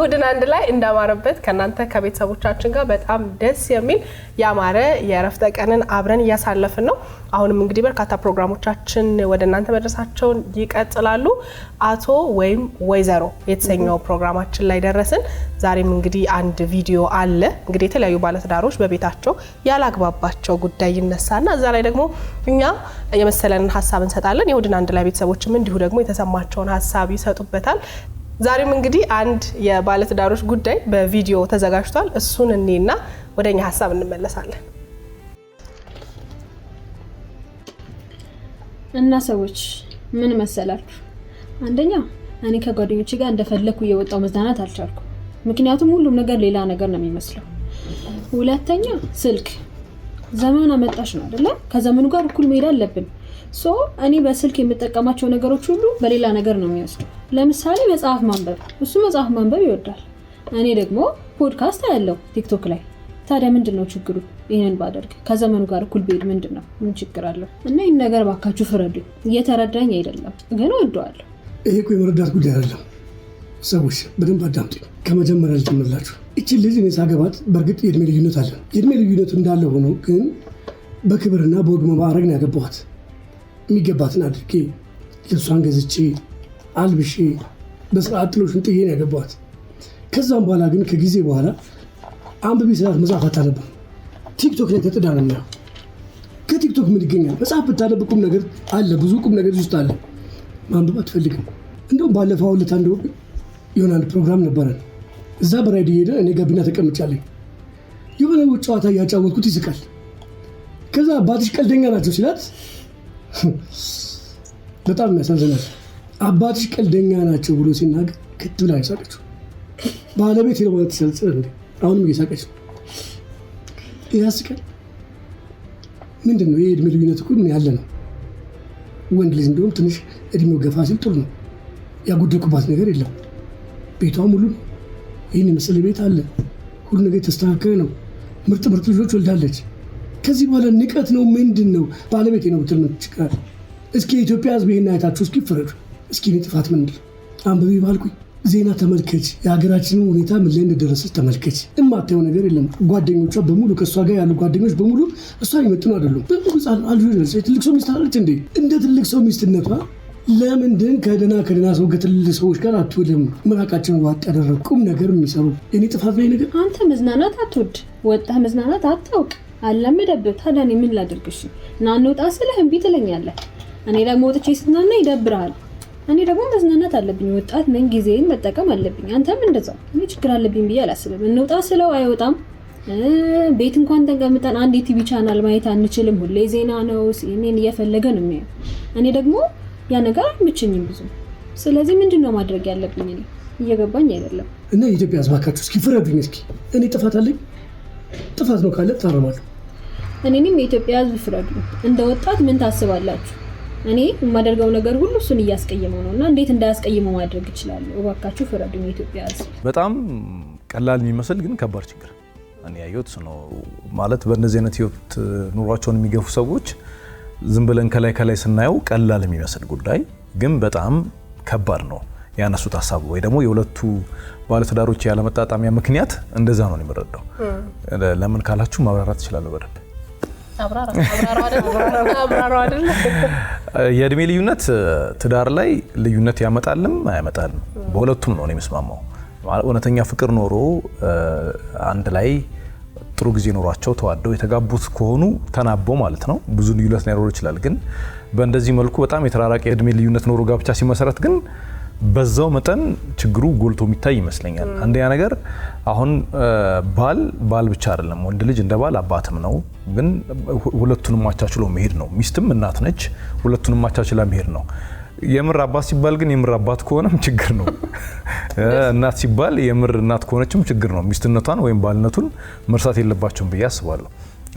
እሑድን አንድ ላይ እንዳማረበት ከእናንተ ከቤተሰቦቻችን ጋር በጣም ደስ የሚል ያማረ የእረፍተ ቀንን አብረን እያሳለፍን ነው። አሁንም እንግዲህ በርካታ ፕሮግራሞቻችን ወደ እናንተ መድረሳቸውን ይቀጥላሉ። አቶ ወይም ወይዘሮ የተሰኘው ፕሮግራማችን ላይ ደረስን። ዛሬም እንግዲህ አንድ ቪዲዮ አለ። እንግዲህ የተለያዩ ባለትዳሮች በቤታቸው ያላግባባቸው ጉዳይ ይነሳና እዛ ላይ ደግሞ እኛ የመሰለንን ሀሳብ እንሰጣለን። የእሑድን አንድ ላይ ቤተሰቦችም እንዲሁ ደግሞ የተሰማቸውን ሀሳብ ይሰጡበታል። ዛሬም እንግዲህ አንድ የባለትዳሮች ጉዳይ በቪዲዮ ተዘጋጅቷል። እሱን እኔና ወደ እኛ ሀሳብ እንመለሳለን። እና ሰዎች ምን መሰላችሁ፣ አንደኛ እኔ ከጓደኞች ጋር እንደፈለኩ እየወጣው መዝናናት አልቻልኩ፣ ምክንያቱም ሁሉም ነገር ሌላ ነገር ነው የሚመስለው። ሁለተኛ ስልክ ዘመን አመጣሽ ነው አይደለ? ከዘመኑ ጋር እኩል መሄድ አለብን። ሶ እኔ በስልክ የምጠቀማቸው ነገሮች ሁሉ በሌላ ነገር ነው የሚወስደው ለምሳሌ መጽሐፍ ማንበብ፣ እሱ መጽሐፍ ማንበብ ይወዳል። እኔ ደግሞ ፖድካስት አያለው ቲክቶክ ላይ። ታዲያ ምንድን ነው ችግሩ? ይህንን ባደርግ ከዘመኑ ጋር እኩል ብሄድ ምንድን ነው? ምን ችግር አለው? እና ይህን ነገር ባካችሁ ፍረዱ። እየተረዳኝ አይደለም፣ ግን ወደዋለሁ። ይሄ እኮ የመረዳት ጉዳይ አይደለም። ሰዎች በደንብ አዳምጡኝ። ከመጀመሪያ ልጀምርላችሁ። እቺ ልጅ እኔ ሳገባት፣ በእርግጥ የእድሜ ልዩነት አለ። የእድሜ ልዩነት እንዳለ ሆኖ ግን በክብርና በወግ ማዕረግ ነው ያገባኋት። የሚገባትን አድርጌ ልብሷን ገዝቼ አልብሼ በስርዓት ጥሎሽን ጥዬ ነው ያገባት። ከዛም በኋላ ግን ከጊዜ በኋላ አንብቤ ስርዓት መጽሐፍ አታነብም። ቲክቶክ ላይ ተጥዳ ነው ከቲክቶክ ምን ይገኛል? መጽሐፍ ብታነብ ቁም ነገር አለ፣ ብዙ ቁም ነገር ውስጥ አለ። ማንበብ አትፈልግም። እንደውም ባለፈው ሁለት አንድ የሆነ አንድ ፕሮግራም ነበረን። እዛ በራይድ ሄደ እኔ ጋቢና ተቀምጫለኝ። የሆነ ጨዋታ እያጫወትኩት ይስቃል። ከዛ አባትሽ ቀልደኛ ናቸው ሲላት በጣም ያሳዝናል። አባትሽ ቀልደኛ ናቸው ብሎ ሲናገር ክት ብላ ሳቀችው። ባለቤት የለሆነ ተሰልጽ አሁንም እየሳቀች ነው። ያስቀል ምንድን ነው? የእድሜ ልዩነት እኮ ያለ ነው። ወንድ ልጅ እንደውም ትንሽ እድሜው ገፋ ሲል ጥሩ ነው። ያጎደቁባት ነገር የለም። ቤቷ ሙሉ ነው። ይህን የመሰለ ቤት አለ። ሁሉ ነገር የተስተካከለ ነው። ምርጥ ምርጥ ልጆች ወልዳለች። ከዚህ በኋላ ንቀት ነው ምንድን ነው? ባለቤት ነው ብትል ምን ችግር አለ? እስኪ የኢትዮጵያ ሕዝብ ይህን አይታችሁ እስኪ ፍረዱ። እስኪ እኔ ጥፋት ምንድን አንብቢ ባልኩኝ ዜና ተመልከች፣ የሀገራችንን ሁኔታ ምን ላይ እንደደረሰች ተመልከች። እማታየው ነገር የለም። ጓደኞቿ በሙሉ ከእሷ ጋር ያሉ ጓደኞች በሙሉ እሷ የሚመጥኑ አይደሉም። ትልቅ ሰው ሚስት አለች እንዴ? እንደ ትልቅ ሰው ሚስትነቷ ለምንድን ከደና ከደና ሰው ከትልል ሰዎች ጋር አትውልም? ምራቃቸውን ዋጥ ያደረግ ቁም ነገር የሚሰሩ እኔ ጥፋት ላይ ነገር አንተ መዝናናት አትወድ፣ ወጣህ መዝናናት አታውቅ፣ አላመደብህ። ታዲያ እኔ ምን ላደርግሽ? ና እንውጣ ስልህ እምቢ ትለኛለህ። እኔ ደግሞ ወጥቼ ስትናና ይደብርሃል። እኔ ደግሞ መዝናናት አለብኝ። ወጣት ነኝ፣ ጊዜን መጠቀም አለብኝ። አንተም እንደዛው። እኔ ችግር አለብኝ ብዬ አላስብም። እንውጣ ስለው አይወጣም። ቤት እንኳን ተቀምጠን አንድ የቲቪ ቻናል ማየት አንችልም። ሁሌ ዜና ነው፣ እኔን እየፈለገ ነው የሚያየው። እኔ ደግሞ ያ ነገር አይመቸኝም ብዙ። ስለዚህ ምንድን ነው ማድረግ ያለብኝ? እኔ እየገባኝ አይደለም። እና የኢትዮጵያ አዝማካችሁ እስኪ ፍረዱኝ። እስኪ እኔ ጥፋት አለኝ? ጥፋት ነው ካለ ታረማለሁ። እኔንም የኢትዮጵያ ሕዝብ ፍረዱ። እንደ ወጣት ምን ታስባላችሁ? እኔ የማደርገው ነገር ሁሉ እሱን እያስቀይመው ነው እና እንዴት እንዳያስቀይመው ማድረግ ይችላሉ? እባካችሁ ፍረዱኝ። የኢትዮጵያ ሕዝብ በጣም ቀላል የሚመስል ግን ከባድ ችግር እኔ ያየሁት ነው። ማለት በእነዚህ አይነት ህይወት ኑሯቸውን የሚገፉ ሰዎች ዝም ብለን ከላይ ከላይ ስናየው ቀላል የሚመስል ጉዳይ ግን በጣም ከባድ ነው። ያነሱት ሀሳብ ወይ ደግሞ የሁለቱ ባለትዳሮች ያለመጣጣሚያ ምክንያት እንደዛ ነው የሚረዳው። ለምን ካላችሁ ማብራራት እችላለሁ በደንብ የእድሜ ልዩነት ትዳር ላይ ልዩነት ያመጣልም አያመጣልም፣ በሁለቱም ነው የሚስማማው። እውነተኛ ፍቅር ኖሮ አንድ ላይ ጥሩ ጊዜ ኖሯቸው ተዋደው የተጋቡት ከሆኑ ተናቦ ማለት ነው ብዙ ልዩነት ላይኖር ይችላል። ግን በእንደዚህ መልኩ በጣም የተራራቀ የእድሜ ልዩነት ኖሮ ጋብቻ ሲመሰረት ግን በዛው መጠን ችግሩ ጎልቶ የሚታይ ይመስለኛል። አንደኛ ነገር አሁን ባል ባል ብቻ አይደለም፣ ወንድ ልጅ እንደ ባል አባትም ነው። ግን ሁለቱንም አቻችሎ መሄድ ነው። ሚስትም እናት ነች፣ ሁለቱንም አቻችላ መሄድ ነው። የምር አባት ሲባል ግን የምር አባት ከሆነም ችግር ነው። እናት ሲባል የምር እናት ከሆነችም ችግር ነው። ሚስትነቷን ወይም ባልነቱን መርሳት የለባቸውም ብዬ አስባለሁ።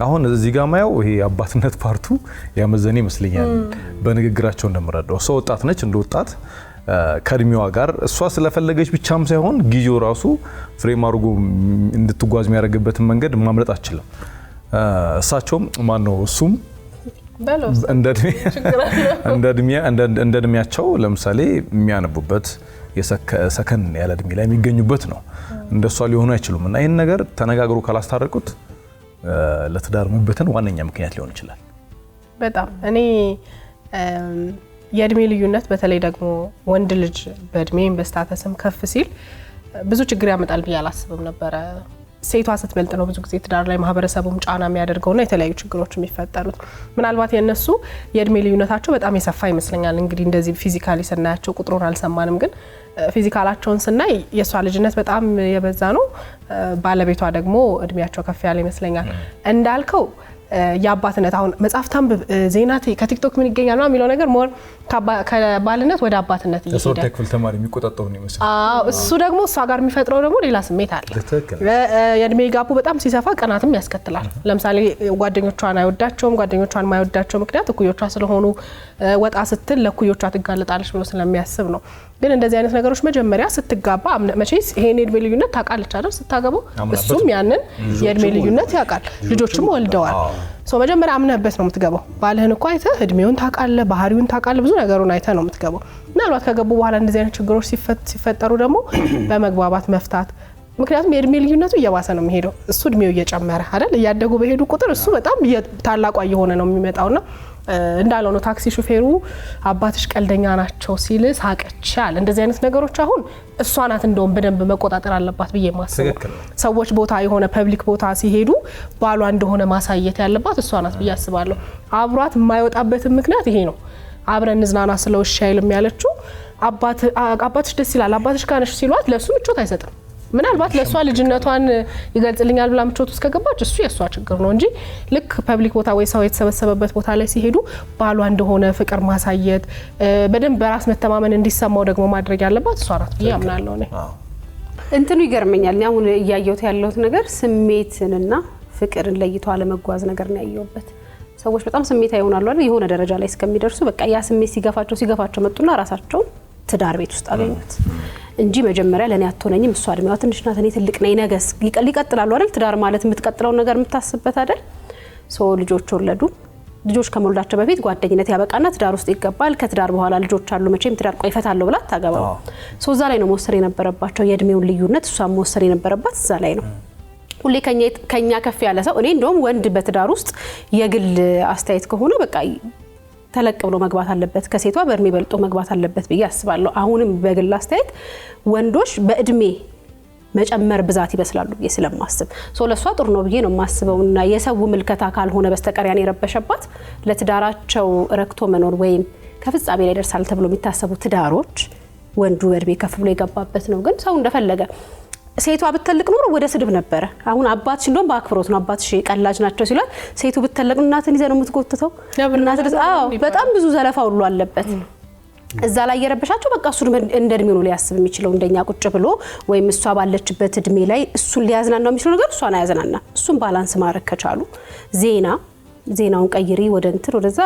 አሁን እዚህ ጋር ማየው ይሄ አባትነት ፓርቱ ያመዘነ ይመስለኛል። በንግግራቸው እንደምረዳው ሰው ወጣት ነች እንደ ወጣት ከእድሜዋ ጋር እሷ ስለፈለገች ብቻም ሳይሆን ጊዜው ራሱ ፍሬም አድርጎ እንድትጓዝ የሚያደርግበትን መንገድ ማምለጥ አችልም። እሳቸውም ማን ነው እሱም እንደ እድሜያቸው ለምሳሌ የሚያነቡበት ሰከን ያለ እድሜ ላይ የሚገኙበት ነው። እንደሷ ሊሆኑ አይችሉም። እና ይህን ነገር ተነጋግሮ ካላስታረቁት ለትዳር መበተን ዋነኛ ምክንያት ሊሆን ይችላል። በጣም እኔ የእድሜ ልዩነት በተለይ ደግሞ ወንድ ልጅ በእድሜም በስታተስም ከፍ ሲል ብዙ ችግር ያመጣል ብዬ አላስብም ነበረ። ሴቷ ስትበልጥ ነው ብዙ ጊዜ ትዳር ላይ ማህበረሰቡም ጫና የሚያደርገውና የተለያዩ ችግሮች የሚፈጠሩት። ምናልባት የእነሱ የእድሜ ልዩነታቸው በጣም የሰፋ ይመስለኛል። እንግዲህ እንደዚህ ፊዚካሊ ስናያቸው ቁጥሩን አልሰማንም፣ ግን ፊዚካላቸውን ስናይ የእሷ ልጅነት በጣም የበዛ ነው። ባለቤቷ ደግሞ እድሜያቸው ከፍ ያለ ይመስለኛል እንዳልከው የአባትነት አሁን መጽሐፍ ታንብብ ዜና ከቲክቶክ ምን ይገኛል የሚለው ነገር ሞር ከባልነት ወደ አባትነት እየሄደ ክፍል ተማሪ የሚቆጣጠሩ ነው ይመስል እሱ ደግሞ እሷ ጋር የሚፈጥረው ደግሞ ሌላ ስሜት አለ። የእድሜ ጋቡ በጣም ሲሰፋ ቀናትም ያስከትላል። ለምሳሌ ጓደኞቿን አይወዳቸውም። ጓደኞቿን ማይወዳቸው ምክንያት እኩዮቿ ስለሆኑ ወጣ ስትል ለእኩዮቿ ትጋለጣለች ብሎ ስለሚያስብ ነው። ግን እንደዚህ አይነት ነገሮች መጀመሪያ ስትጋባ መቼስ ይሄን የእድሜ ልዩነት ታውቃለች አይደል? ስታገቡ እሱም ያንን የእድሜ ልዩነት ያውቃል። ልጆችም ወልደዋል። ሶ መጀመሪያ አምነህበት ነው የምትገባው። ባልህን እኮ አይተህ እድሜውን ታውቃለህ፣ ባህሪውን ታውቃለህ፣ ብዙ ነገሩን አይተህ ነው የምትገባው። ምናልባት ከገቡ በኋላ እንደዚህ አይነት ችግሮች ሲፈጠሩ ደግሞ በመግባባት መፍታት ምክንያቱም የእድሜ ልዩነቱ እየባሰ ነው የሚሄደው። እሱ እድሜው እየጨመረ አይደል? እያደጉ በሄዱ ቁጥር እሱ በጣም ታላቋ እየሆነ ነው የሚመጣውና እንዳለው ነው። ታክሲ ሹፌሩ አባትሽ ቀልደኛ ናቸው ሲል ሳቀቻል። እንደዚህ አይነት ነገሮች አሁን እሷ ናት እንደውም በደንብ መቆጣጠር አለባት ብዬ ማስበው። ሰዎች ቦታ የሆነ ፐብሊክ ቦታ ሲሄዱ ባሏ እንደሆነ ማሳየት ያለባት እሷ ናት ብዬ አስባለሁ። አብሯት የማይወጣበትን ምክንያት ይሄ ነው። አብረን እንዝናና ስለው እሺ አይልም ያለችው አባትሽ ደስ ይላል አባትሽ ጋር ነሽ ሲሏት ለእሱ ምቾት አይሰጥም። ምናልባት ለእሷ ልጅነቷን ይገልጽልኛል ብላ ምቾት ውስጥ ከገባች እሱ የእሷ ችግር ነው እንጂ ልክ ፐብሊክ ቦታ ወይ ሰው የተሰበሰበበት ቦታ ላይ ሲሄዱ ባሏ እንደሆነ ፍቅር ማሳየት በደንብ በራስ መተማመን እንዲሰማው ደግሞ ማድረግ ያለባት እሷ ናት ብዬ አምናለሁ። እንትኑ ይገርመኛል። አሁን እያየሁት ያለሁት ነገር ስሜትንና ፍቅርን ለይቶ አለመጓዝ ነገር ነው ያየሁበት። ሰዎች በጣም ስሜታ ይሆናሉ የሆነ ደረጃ ላይ እስከሚደርሱ በቃ ያ ስሜት ሲገፋቸው ሲገፋቸው መጡና ራሳቸውን ትዳር ቤት ውስጥ አገኙት እንጂ መጀመሪያ ለእኔ አትሆነኝም፣ እሷ እድሜዋ ትንሽ ናት፣ እኔ ትልቅ ነኝ፣ ነገስ ይቀጥላሉ አይደል? ትዳር ማለት የምትቀጥለውን ነገር የምታስብበት አይደል? ሰው ልጆች ወለዱ። ልጆች ከመወልዳቸው በፊት ጓደኝነት ያበቃና ትዳር ውስጥ ይገባል። ከትዳር በኋላ ልጆች አሉ፣ መቼም ትዳር ቆይ እፈታለሁ ብላ ታገባ። ሰው እዛ ላይ ነው መወሰን የነበረባቸው የእድሜውን ልዩነት፣ እሷ መወሰን የነበረባት እዛ ላይ ነው። ሁሌ ከኛ ከፍ ያለ ሰው እኔ እንደውም ወንድ በትዳር ውስጥ የግል አስተያየት ከሆነ በቃ ተለቅ ብሎ መግባት አለበት፣ ከሴቷ በእድሜ በልጦ መግባት አለበት ብዬ አስባለሁ። አሁንም በግል አስተያየት ወንዶች በእድሜ መጨመር ብዛት ይመስላሉ ብዬ ስለማስብ ለእሷ ጥሩ ነው ብዬ ነው የማስበው። እና የሰው ምልከታ ካልሆነ በስተቀር ያን የረበሸባት ለትዳራቸው ረክቶ መኖር ወይም ከፍጻሜ ላይ ደርሳል ተብሎ የሚታሰቡ ትዳሮች ወንዱ በእድሜ ከፍ ብሎ የገባበት ነው። ግን ሰው እንደፈለገ ሴቷ ብትተልቅ ኖሮ ወደ ስድብ ነበረ። አሁን አባትሽ እንደውም በአክብሮት ነው አባትሽ ቀላጅ ናቸው ሲሏት፣ ሴቱ ብትተልቅ እናትን ይዘ ነው የምትጎትተው። በጣም ብዙ ዘለፋ ሁሉ አለበት እዛ ላይ የረበሻቸው በቃ እሱ እንደ እድሜ ነው ሊያስብ የሚችለው እንደኛ ቁጭ ብሎ ወይም እሷ ባለችበት እድሜ ላይ እሱን ሊያዝናናው የሚችለው ነገር እሷን አያዝናና። እሱን ባላንስ ማድረግ ከቻሉ ዜና ዜናውን ቀይሪ ወደ እንትን ወደዛ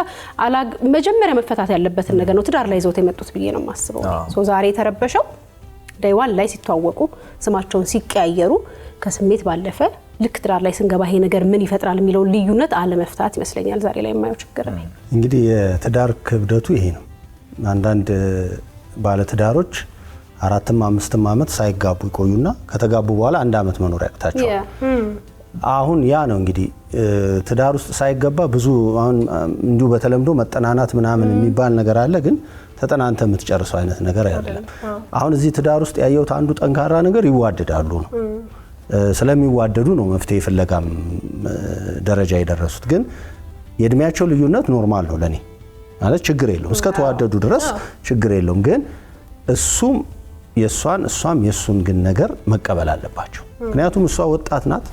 መጀመሪያ መፈታት ያለበትን ነገር ነው ትዳር ላይ ይዘውት የመጡት ብዬ ነው የማስበው። ዛሬ የተረበሸው ዳይዋን ላይ ሲተዋወቁ ስማቸውን ሲቀያየሩ ከስሜት ባለፈ ልክ ትዳር ላይ ስንገባ ይሄ ነገር ምን ይፈጥራል የሚለውን ልዩነት አለመፍታት ይመስለኛል ዛሬ ላይ የማየው ችግር። እንግዲህ የትዳር ክብደቱ ይሄ ነው። አንዳንድ ባለትዳሮች አራትም አምስትም ዓመት ሳይጋቡ ይቆዩና ከተጋቡ በኋላ አንድ ዓመት መኖር ያቅታቸዋል። አሁን ያ ነው እንግዲህ ትዳር ውስጥ ሳይገባ ብዙ አሁን እንዲሁ በተለምዶ መጠናናት ምናምን የሚባል ነገር አለ፣ ግን ተጠናንተ የምትጨርሰው አይነት ነገር አይደለም። አሁን እዚህ ትዳር ውስጥ ያየሁት አንዱ ጠንካራ ነገር ይዋደዳሉ ነው። ስለሚዋደዱ ነው መፍትሄ ፍለጋም ደረጃ የደረሱት። ግን የእድሜያቸው ልዩነት ኖርማል ነው ለእኔ ማለት ችግር የለውም። እስከ ተዋደዱ ድረስ ችግር የለውም። ግን እሱም የእሷን እሷም የእሱን ግን ነገር መቀበል አለባቸው። ምክንያቱም እሷ ወጣት ናት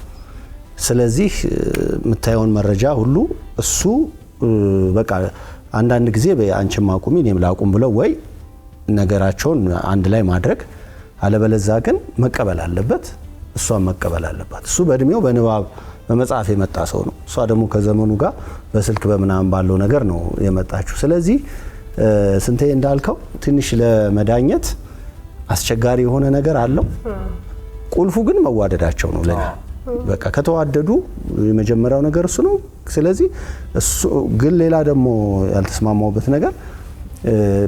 ስለዚህ የምታየውን መረጃ ሁሉ እሱ በቃ አንዳንድ ጊዜ አንቺም አቁሚ እኔም ላቁም ብለው ወይ ነገራቸውን አንድ ላይ ማድረግ፣ አለበለዛ ግን መቀበል አለበት፣ እሷን መቀበል አለባት። እሱ በእድሜው በንባብ በመጽሐፍ የመጣ ሰው ነው። እሷ ደግሞ ከዘመኑ ጋር በስልክ በምናምን ባለው ነገር ነው የመጣችው። ስለዚህ ስንቴ እንዳልከው ትንሽ ለመዳኘት አስቸጋሪ የሆነ ነገር አለው። ቁልፉ ግን መዋደዳቸው ነው ለእኛ በቃ ከተዋደዱ የመጀመሪያው ነገር እሱ ነው። ስለዚህ እሱ ግን ሌላ ደግሞ ያልተስማማውበት ነገር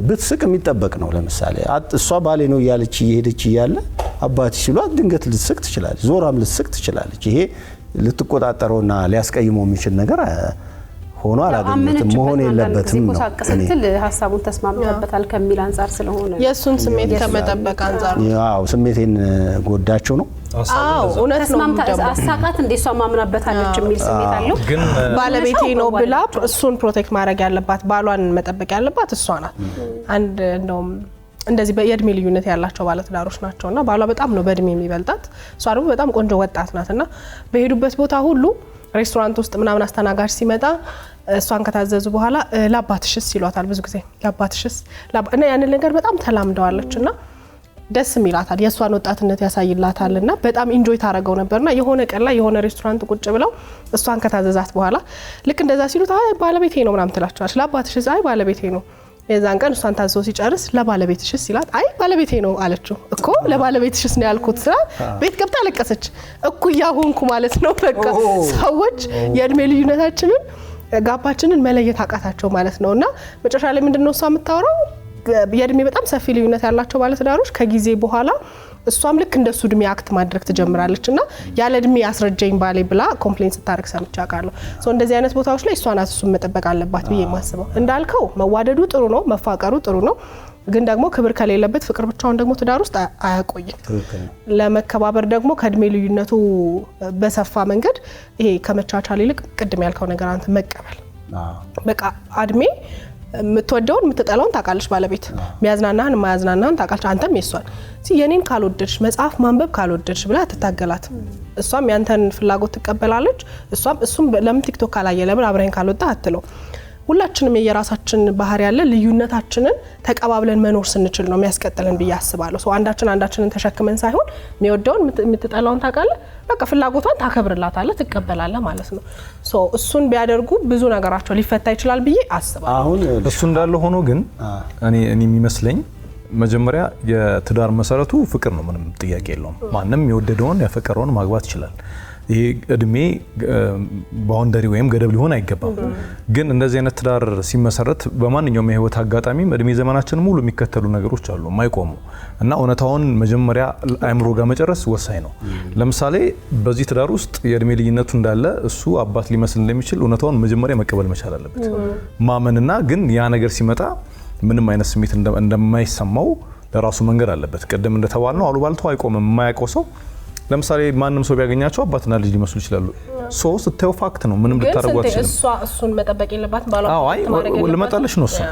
ብትስቅ የሚጠበቅ ነው። ለምሳሌ እሷ ባሌ ነው እያለች እየሄደች እያለ አባት ሲሏት ድንገት ልትስቅ ትችላለች፣ ዞራም ልትስቅ ትችላለች። ይሄ ልትቆጣጠረውና ሊያስቀይመው የሚችል ነገር ሆኖ አላገኘትም። መሆን የለበትም ነው ስትል ሀሳቡን ተስማምተበታል ከሚል አንጻር ስለሆነ የእሱን ስሜት ከመጠበቅ አንጻር ስሜቴን ጎዳቸው ነው አሳቃት እንዴ እሷ ማምናበታለች የሚል ስሜት አለው። ባለቤቴ ነው ብላ እሱን ፕሮቴክት ማድረግ ያለባት ባሏን መጠበቅ ያለባት እሷ ናት። አንድ እንደውም እንደዚህ የእድሜ ልዩነት ያላቸው ባለትዳሮች ናቸው እና ባሏ በጣም ነው በእድሜ የሚበልጣት፣ እሷ ደግሞ በጣም ቆንጆ ወጣት ናት እና በሄዱበት ቦታ ሁሉ ሬስቶራንት ውስጥ ምናምን አስተናጋጅ ሲመጣ እሷን ከታዘዙ በኋላ ለአባትሽስ ይሏታል ብዙ ጊዜ ለአባትሽስ እና ያንን ነገር በጣም ተላምደዋለች እና ደስም ይላታል። የእሷን ወጣትነት ያሳይላታል እና በጣም ኢንጆይ ታደረገው ነበር ና የሆነ ቀን ላይ የሆነ ሬስቶራንት ቁጭ ብለው እሷን ከታዘዛት በኋላ ልክ እንደዛ ሲሉት አይ ባለቤቴ ነው ምናም ትላቸዋል። ለአባትሽስ? አይ ባለቤቴ ነው። የዛን ቀን እሷን ታዘው ሲጨርስ ለባለቤትሽስ ሲላት አይ ባለቤቴ ነው አለችው። እኮ ለባለቤትሽስ ነው ያልኩት ስራ ቤት ገብታ አለቀሰች። እኩያ ሆንኩ ማለት ነው። በቃ ሰዎች የእድሜ ልዩነታችንን ጋባችንን መለየት አቃታቸው ማለት ነው እና መጨረሻ ላይ ምንድነው እሷ የምታወራው የእድሜ በጣም ሰፊ ልዩነት ያላቸው ባለትዳሮች ከጊዜ በኋላ እሷም ልክ እንደሱ እድሜ አክት ማድረግ ትጀምራለች እና ያለ እድሜ ያስረጀኝ ባሌ ብላ ኮምፕሌን ስታደርግ ሰምቼ አውቃለሁ። እንደዚህ አይነት ቦታዎች ላይ እሷ እሱን መጠበቅ አለባት ብዬ የማስበው። እንዳልከው መዋደዱ ጥሩ ነው፣ መፋቀሩ ጥሩ ነው። ግን ደግሞ ክብር ከሌለበት ፍቅር ብቻውን ደግሞ ትዳር ውስጥ አያቆይም። ለመከባበር ደግሞ ከእድሜ ልዩነቱ በሰፋ መንገድ ይሄ ከመቻቻል ይልቅ ቅድም ያልከው ነገር አንተ መቀበል በቃ እድሜ የምትወደውን የምትጠላውን ታውቃለች ባለቤት። የሚያዝናናህን የማያዝናናህን ታውቃለች። አንተም የሷን የኔን ካልወደድሽ መጽሐፍ ማንበብ ካልወደድሽ ብላ ትታገላት። እሷም ያንተን ፍላጎት ትቀበላለች። እሷም እሱም ለምን ቲክቶክ ካላየ ለምን አብረህን ካልወጣ አትለው ሁላችንም የየራሳችን ባህሪ ያለ ልዩነታችንን ተቀባብለን መኖር ስንችል ነው የሚያስቀጥልን ብዬ አስባለሁ። ሰው አንዳችን አንዳችንን ተሸክመን ሳይሆን የሚወደውን የምትጠላውን ታውቃለህ፣ በቃ ፍላጎቷን ታከብርላታለህ፣ ትቀበላለህ ማለት ነው። እሱን ቢያደርጉ ብዙ ነገራቸው ሊፈታ ይችላል ብዬ አስባለሁ። አሁን እሱ እንዳለ ሆኖ ግን እኔ የሚመስለኝ መጀመሪያ የትዳር መሰረቱ ፍቅር ነው። ምንም ጥያቄ የለውም። ማንም የወደደውን ያፈቀረውን ማግባት ይችላል። ይሄ እድሜ ባውንደሪ ወይም ገደብ ሊሆን አይገባም። ግን እንደዚህ አይነት ትዳር ሲመሰረት በማንኛውም የህይወት አጋጣሚም እድሜ ዘመናችን ሙሉ የሚከተሉ ነገሮች አሉ የማይቆሙ እና እውነታውን መጀመሪያ አእምሮ ጋር መጨረስ ወሳኝ ነው። ለምሳሌ በዚህ ትዳር ውስጥ የእድሜ ልዩነቱ እንዳለ እሱ አባት ሊመስል እንደሚችል እውነታውን መጀመሪያ መቀበል መቻል አለበት ማመንና ግን ያ ነገር ሲመጣ ምንም አይነት ስሜት እንደማይሰማው ለራሱ መንገድ አለበት። ቅድም እንደተባል ነው አሉባልታው አይቆምም። የማያውቀው ሰው ለምሳሌ ማንም ሰው ቢያገኛቸው አባትና ልጅ ሊመስሉ ይችላሉ። ሶ ስታየው ፋክት ነው። ምንም ልታደርጉ አትችልም። እሱን መጠበቅ የለባትም ነው እሱ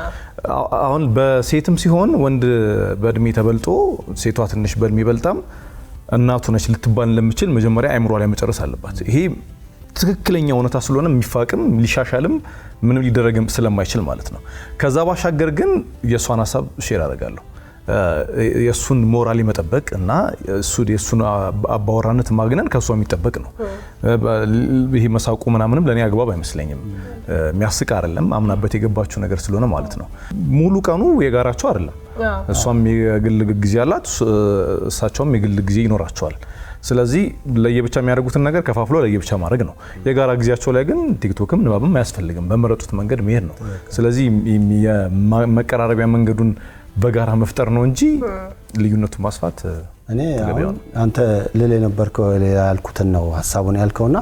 አሁን በሴትም ሲሆን ወንድ በእድሜ ተበልጦ ሴቷ ትንሽ በእድሜ በልጣም እናቱ ነች ልትባል እንደምችል መጀመሪያ አይምሮ ላይ መጨረስ አለባት። ይሄ ትክክለኛ እውነታ ስለሆነ የሚፋቅም ሊሻሻልም ምንም ሊደረግም ስለማይችል ማለት ነው። ከዛ ባሻገር ግን የእሷን ሀሳብ ሼር አደርጋለሁ። የእሱን ሞራል የመጠበቅ እና የእሱን አባወራነት ማግነን ከእሷ የሚጠበቅ ነው። ይህ መሳቁ ምናምንም ለእኔ አግባብ አይመስለኝም። የሚያስቅ አይደለም። አምናበት የገባችው ነገር ስለሆነ ማለት ነው። ሙሉ ቀኑ የጋራቸው አይደለም። እሷም የግል ጊዜ አላት፣ እሳቸውም የግል ጊዜ ይኖራቸዋል። ስለዚህ ለየብቻ የሚያደርጉትን ነገር ከፋፍሎ ለየብቻ ማድረግ ነው። የጋራ ጊዜያቸው ላይ ግን ቲክቶክም ንባብም አያስፈልግም። በመረጡት መንገድ መሄድ ነው። ስለዚህ የመቀራረቢያ መንገዱን በጋራ መፍጠር ነው እንጂ ልዩነቱን ማስፋት እኔ አንተ ልል የነበርከው ያልኩትን ነው ሀሳቡን ያልከውና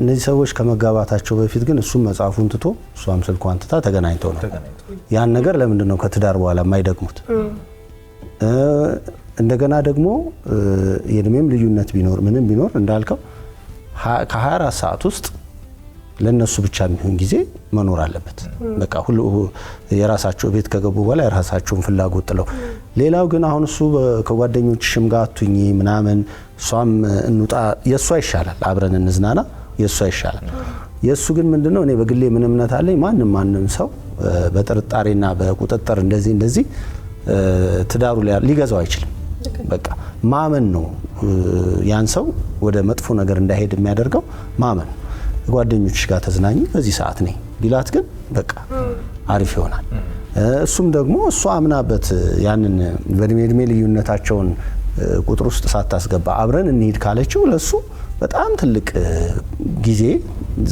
እነዚህ ሰዎች ከመጋባታቸው በፊት ግን እሱም መጽሐፉን ትቶ እሷም ስልኳን ትታ ተገናኝተው ነው። ያን ነገር ለምንድን ነው ከትዳር በኋላ የማይደግሙት? እንደገና ደግሞ የእድሜም ልዩነት ቢኖር ምንም ቢኖር እንዳልከው ከ24 ሰዓት ውስጥ ለነሱ ብቻ የሚሆን ጊዜ መኖር አለበት። በቃ ሁሉ የራሳቸው ቤት ከገቡ በኋላ የራሳቸውን ፍላጎት ጥለው፣ ሌላው ግን አሁን እሱ ከጓደኞች ጋር አቱኝ ምናምን እሷም እንውጣ፣ የእሷ ይሻላል፣ አብረን እንዝናና፣ የእሷ ይሻላል። የእሱ ግን ምንድነው እኔ በግሌ ምን እምነት አለኝ፣ ማንም ማንም ሰው በጥርጣሬና በቁጥጥር እንደዚህ እንደዚህ ትዳሩ ሊገዛው አይችልም። በቃ ማመን ነው ያን ሰው ወደ መጥፎ ነገር እንዳይሄድ የሚያደርገው ማመን ጓደኞች ጋር ተዝናኝ በዚህ ሰዓት ነኝ ቢላት ግን በቃ አሪፍ ይሆናል። እሱም ደግሞ እሱ አምናበት ያንን በእድሜ እድሜ ልዩነታቸውን ቁጥር ውስጥ ሳታስገባ አብረን እንሄድ ካለችው ለሱ በጣም ትልቅ ጊዜ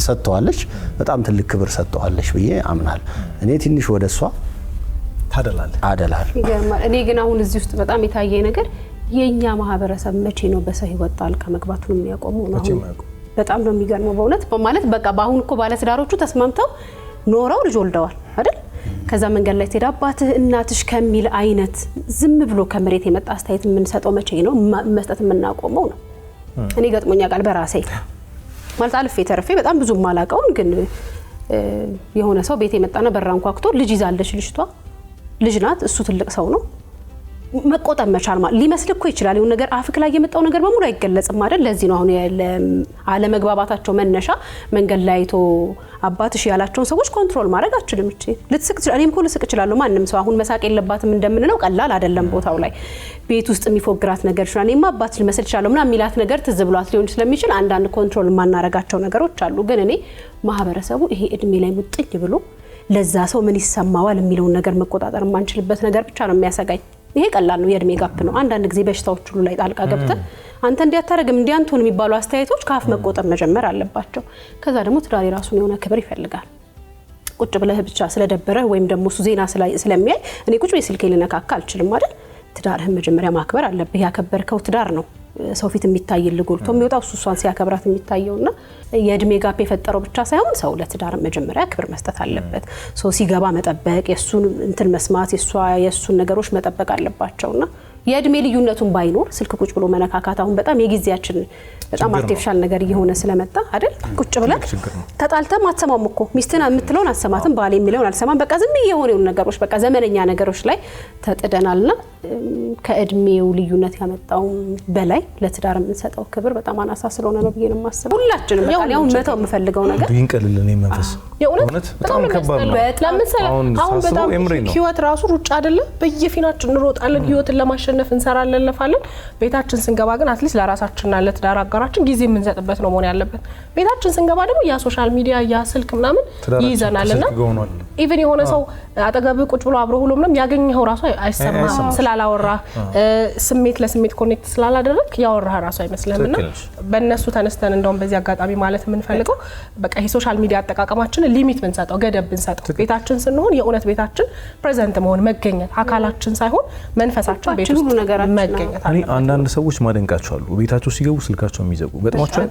ሰጥተዋለች፣ በጣም ትልቅ ክብር ሰጥተዋለች ብዬ አምናል። እኔ ትንሽ ወደ እሷ ታደላል አደላል። እኔ ግን አሁን እዚህ ውስጥ በጣም የታየ ነገር የእኛ ማህበረሰብ መቼ ነው በሰው ህይወት ጣልቃ መግባቱን የሚያቆሙ ነው? በጣም ነው የሚገርመው በእውነት ማለት በቃ በአሁን እኮ ባለትዳሮቹ ተስማምተው ኖረው ልጅ ወልደዋል አይደል? ከዛ መንገድ ላይ ትሄድ አባትህ እናትሽ ከሚል አይነት ዝም ብሎ ከመሬት የመጣ አስተያየት የምንሰጠው መቼ ነው? መስጠት የምናቆመው ነው። እኔ ገጥሞኛ ቃል በራሴ ማለት አልፌ ተርፌ በጣም ብዙ ማላቀውን ግን የሆነ ሰው ቤት የመጣና በራንኳኩቶ ልጅ ይዛለች ልጅቷ ልጅ ናት እሱ ትልቅ ሰው ነው መቆጠብ መቻል ማለት ሊመስል እኮ ይችላል። ይሁን ነገር አፍክ ላይ የመጣው ነገር በሙሉ አይገለጽም አይደል? ለዚህ ነው አሁን አለመግባባታቸው መነሻ መንገድ ላይ አይቶ አባትሽ ያላቸውን ሰዎች ኮንትሮል ማድረግ አችልም። እቺ ልትስቅ ትችላለህ፣ እኔም እኮ ልስቅ እችላለሁ። ማንም ሰው አሁን መሳቅ የለባትም እንደምንለው ቀላል አይደለም። ቦታው ላይ ቤት ውስጥ የሚፎግራት ነገር ይችላል። እኔማ አባትሽ ልመስል እችላለሁ ምናምን የሚላት ነገር ትዝ ብሏት ሊሆን ስለሚችል አንዳንድ ኮንትሮል የማናረጋቸው ነገሮች አሉ። ግን እኔ ማህበረሰቡ ይሄ እድሜ ላይ ሙጥኝ ብሎ ለዛ ሰው ምን ይሰማዋል የሚለውን ነገር መቆጣጠር የማንችልበት ነገር ብቻ ነው የሚያሰጋኝ። ይሄ ቀላል ነው፣ የእድሜ ጋፕ ነው። አንዳንድ ጊዜ በሽታዎች ሁሉ ላይ ጣልቃ ገብተን አንተ እንዲያታረግም እንዲያንትሆን የሚባሉ አስተያየቶች ከአፍ መቆጠብ መጀመር አለባቸው። ከዛ ደግሞ ትዳር የራሱን የሆነ ክብር ይፈልጋል። ቁጭ ብለህ ብቻ ስለደበረ ወይም ደግሞ እሱ ዜና ስለሚያይ እኔ ቁጭ ብዬ ስልኬ ልነካካ አልችልም አይደል? ትዳርህን መጀመሪያ ማክበር አለብህ። ያከበርከው ትዳር ነው ሰው ፊት የሚታይል ጎልቶ የሚወጣው እሱ እሷን ሲያከብራት የሚታየው ና የእድሜ ጋፕ የፈጠረው ብቻ ሳይሆን ሰው ለትዳር መጀመሪያ ክብር መስጠት አለበት። ሰው ሲገባ መጠበቅ፣ የእሱን እንትን መስማት፣ የእሱን ነገሮች መጠበቅ አለባቸው ና የእድሜ ልዩነቱን ባይኖር ስልክ ቁጭ ብሎ መነካካት አሁን በጣም የጊዜያችን በጣም አርቲፊሻል ነገር እየሆነ ስለመጣ አይደል? ቁጭ ብለህ ተጣልተም አትሰማም እኮ ሚስትን የምትለውን አትሰማትም፣ ባል የሚለውን አልሰማም። በቃ ዝም ብዬ የሆነውን ነገሮች በቃ ዘመነኛ ነገሮች ላይ ተጥደናል ና ከእድሜው ልዩነት ያመጣው በላይ ለትዳር የምንሰጠው ክብር በጣም አናሳ ስለሆነ ነው ብዬ ነው የማስበው። ሁላችንም ያው መተው የምፈልገው ነገር ይንቀልልን መንፈስ የእውነት በጣም ከባድ ነው። ለምሳሌ አሁን በጣም ህይወት ራሱ ሩጫ አይደለም። በየፊናችን እንሮጣለን፣ ህይወትን ለማሸነፍ እንሰራለን፣ ለፋለን። ቤታችን ስንገባ ግን አትሊስት ለራሳችንና ለትዳር አጋራችን ጊዜ የምንሰጥበት ነው መሆን ያለበት። ቤታችን ስንገባ ደግሞ ያ ሶሻል ሚዲያ ያ ስልክ ምናምን ይይዘናልና ኢቨን የሆነ ሰው አጠገብ ቁጭ ብሎ አብሮ ሁሉ ምንም ያገኘኸው ራሱ አይሰማም ስላለ ስላላወራ ስሜት ለስሜት ኮኔክት ስላላደረግ ያወራህ ራሱ አይመስልም። እና በእነሱ ተነስተን እንደውም በዚህ አጋጣሚ ማለት የምንፈልገው በቃ የሶሻል ሚዲያ አጠቃቀማችን ሊሚት ብንሰጠው፣ ገደብ ብንሰጠው፣ ቤታችን ስንሆን የእውነት ቤታችን ፕሬዘንት መሆን መገኘት፣ አካላችን ሳይሆን መንፈሳችን ቤት ውስጥ መገኘት። አንዳንድ ሰዎች ማደንቃቸው አሉ ቤታቸው ሲገቡ ስልካቸው የሚዘጉ ገጥሟቸው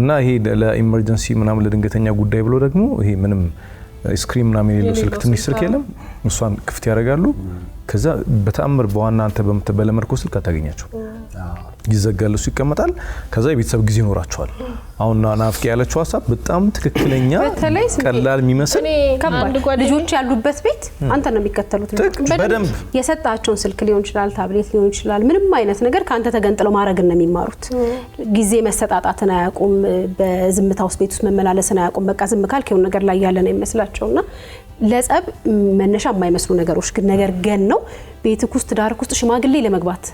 እና ይሄ ለኢመርጀንሲ ምናምን ለድንገተኛ ጉዳይ ብሎ ደግሞ ይሄ ምንም ስክሪን ምናምን የሌለው ስልክ ትንሽ ስልክ የለም እሷን ክፍት ያደርጋሉ። ከዛ በተአምር በዋና አንተ በለመድኮ ስልክ አታገኛቸው። ይዘጋል፣ እሱ ይቀመጣል። ከዛ የቤተሰብ ጊዜ ይኖራቸዋል። አሁን ናፍቄ ያለችው ሀሳብ በጣም ትክክለኛ ቀላል የሚመስል ልጆች ያሉበት ቤት አንተ ነው የሚከተሉት። በደንብ የሰጣቸውን ስልክ ሊሆን ይችላል፣ ታብሌት ሊሆን ይችላል፣ ምንም አይነት ነገር ከአንተ ተገንጥለው ማድረግን ነው የሚማሩት። ጊዜ መሰጣጣትን አያውቁም። በዝምታ ውስጥ ቤት ውስጥ መመላለስን አያውቁም። በቃ ዝም ካልክ የሆነ ነገር ላይ ያለ ነው ይመስላቸውና ለጸብ መነሻ የማይመስሉ ነገሮች ግን ነገር ገን ነው ቤትክ ውስጥ ዳርክ ውስጥ ሽማግሌ ለመግባት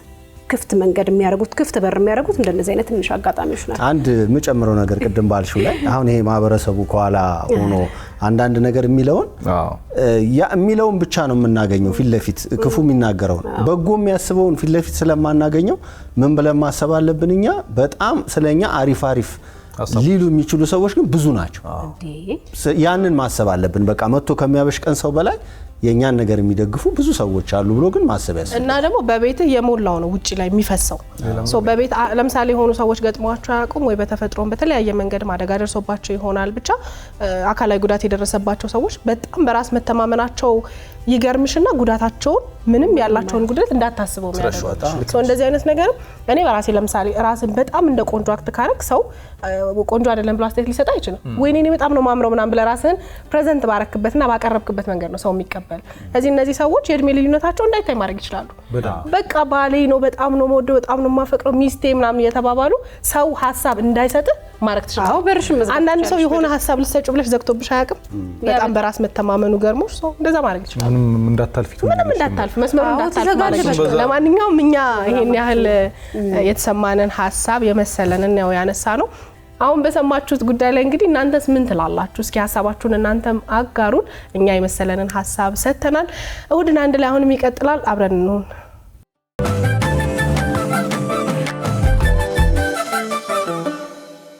ክፍት መንገድ የሚያደርጉት ክፍት በር የሚያደርጉት እንደነዚህ አይነት ትንሽ አጋጣሚዎች ናቸው። አንድ የምጨምረው ነገር ቅድም ባልሽው ላይ አሁን ይሄ ማህበረሰቡ ከኋላ ሆኖ አንዳንድ ነገር የሚለውን የሚለውን ብቻ ነው የምናገኘው ፊት ለፊት ክፉ የሚናገረውን በጎ የሚያስበውን ፊት ለፊት ስለማናገኘው ምን ብለን ማሰብ አለብን እኛ በጣም ስለኛ አሪፍ አሪፍ ሊሉ የሚችሉ ሰዎች ግን ብዙ ናቸው። ያንን ማሰብ አለብን። በቃ መጥቶ ከሚያበሽቀን ሰው በላይ የእኛን ነገር የሚደግፉ ብዙ ሰዎች አሉ ብሎ ግን ማሰብ ያስ እና ደግሞ በቤትህ የሞላው ነው ውጭ ላይ የሚፈሰው። በቤት ለምሳሌ የሆኑ ሰዎች ገጥሟቸው አያውቁም ወይ በተፈጥሮም በተለያየ መንገድ አደጋ ደርሶባቸው ይሆናል ብቻ አካላዊ ጉዳት የደረሰባቸው ሰዎች በጣም በራስ መተማመናቸው ይገርምሽና ጉዳታቸውን ምንም ያላቸውን ጉዳት እንዳታስበው የሚያደርጉ እንደዚህ አይነት ነገር እኔ በራሴ ለምሳሌ ራስን በጣም እንደ ቆንጆ አክት ካረግ ሰው ቆንጆ አይደለም ብሎ አስተያየት ሊሰጥ አይችልም። ወይኔ በጣም ነው ማምረው ምናምን ብለህ ራስህን ፕሬዘንት ባረክበትና ባቀረብክበት መንገድ ነው ሰው የሚቀበል ይቀበል። ስለዚህ እነዚህ ሰዎች የእድሜ ልዩነታቸው እንዳይታይ ማድረግ ይችላሉ። በቃ ባሌ ነው፣ በጣም ነው መወደው፣ በጣም ነው የማፈቅረው፣ ሚስቴ ምናምን እየተባባሉ ሰው ሀሳብ እንዳይሰጥህ ማድረግ ትችላለህ። አንዳንድ ሰው የሆነ ሀሳብ ልሰጭ ብለሽ ዘግቶብሽ አያውቅም? በጣም በራስ መተማመኑ ገርሞሽ ሰው እንደዛ ማድረግ ይችላል። ምንም እንዳታልፍ ምንም እንዳታልፍ መስመሩ እንዳታልፍ። ለማንኛውም እኛ ይሄን ያህል የተሰማንን ሀሳብ የመሰለንን ያው ያነሳ ነው አሁን በሰማችሁት ጉዳይ ላይ እንግዲህ እናንተስ ምን ትላላችሁ? እስኪ ሀሳባችሁን እናንተም አጋሩን። እኛ የመሰለንን ሀሳብ ሰጥተናል። እሁድን አንድ ላይ አሁንም ይቀጥላል። አብረን እንሆን